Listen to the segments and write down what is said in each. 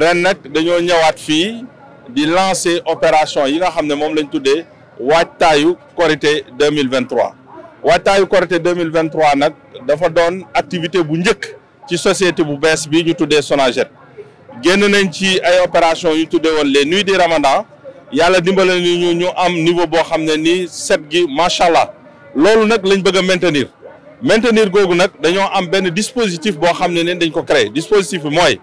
ren nag dañoo ñëwaat fii di lancer opération yi nga xam ne moom lañ tuddee waajtaayu Korité 2023 waajtaayu Korité 2023 nag dafa doon activité bu njëkk ci société bu bees bi ñu tuddee Sonaged génn nañ ci ay opération yu tuddee woon les nuits du Ramadan yàlla dimbale ni ñu ñu am niveau boo xam ne nii set gi macha allah loolu nag lañ bëgg a maintenir maintenir googu nag dañoo am benn dispositif boo xam ne ne dañ ko créé dispositif mooy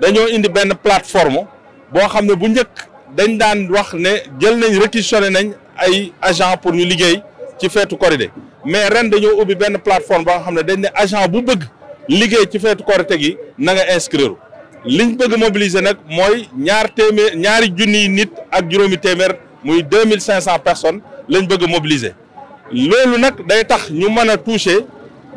dañoo indi benn plateforme boo xam ne bu njëkk dañ daan wax ne jël nañ réquisitionné nañ ay agent pour ñu liggéey ci feetu korité mais ren dañoo ubbi benn plateforme boo xam ne dañ ne agent bu bëgg liggéey ci feetu korité gi nanga nga inscrire liñ bëgg mobiliser nag mooy ñaar téeméer ñaari junniy nit ak juróomi téeméer muy deux mille cinq cent personnes lañ bëgg mobiliser loolu tax ñu mën a toucher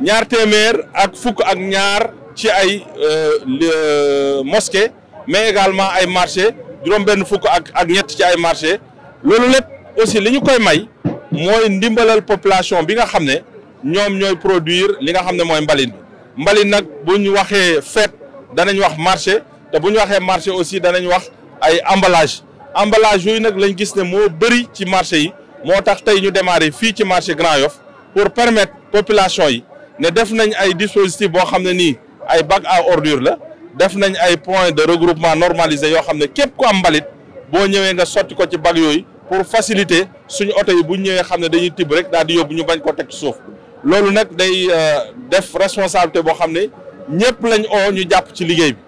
ñaar téeméer ak fukk ak ñaar ci ay euh, euh, mosquée mais également ay marché juróom-benn fukk ak ak ñett ci ay marché loolu lépp aussi li ñu koy may mooy ndimbalal population bi nga xam ne ñoom ñooy produire li nga xam ne mooy mbalin bi mbalit nag bu ñu waxee fête danañ wax marché te bu ñu waxee marché aussi danañ wax ay emballage emballage yooyu nag lañ gis ne moo bëri ci marché yi moo tax tey ñu démarré fii ci marché Grand Yoff pour permettre population yi ne def nañ ay dispositif boo xam ne nii ay bac à ordure la def nañ ay point de regroupement normalisé yoo xam ne képp ku am mbalit boo ñëwee nga sotti ko ci bac yooyu pour faciliter suñu oto yi bu ñu ñëwee xam ne dañuy tibb rek daal di yóbbu ñu bañ ko teg suuf loolu nag day euh, def responsabilité boo xam ne ñëpp lañ oo ñu jàpp ci liggéey bi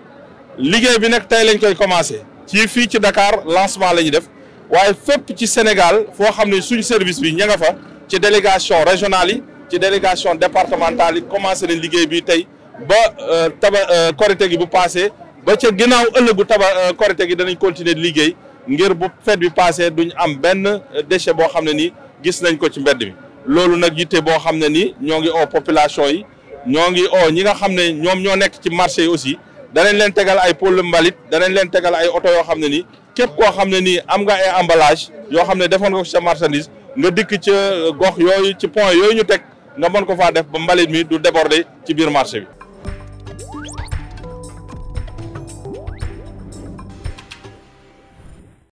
liggéey bi nag tey lañ koy commencé ci fii ci Dakar lancement la ñuy def waaye fépp ci Sénégal foo xam ne suñ service bi ña nga fa ci délégation régionale yi ci délégation départementale yi commencé nañ liggéey bi tey ba euh, taba euh, korite gi bu passé ba ca ginnaaw ëllëgu taba euh, korite gi danañ continuer liggéey ngir bu fête bi passé duñ am benn déchet boo xam ne ni gis nañ ko ci mbedd mi loolu nag yitte boo xam ne nii ñoo ngi oo population yi ñoo ngi oo ñi nga xam ne ñoom ñoo nekk ci marché yi aussi danañ leen tegal ay pôle mbalit danañ leen tegal ay oto yoo xam ne nii képp koo xam ne nii am nga ay emballage yoo xam ne defoon nga ko sa nga dikk ca gox yooyu ci point yooyu ñu teg nga mën ko faa def ba mbalit mi du déborder ci biir marché bi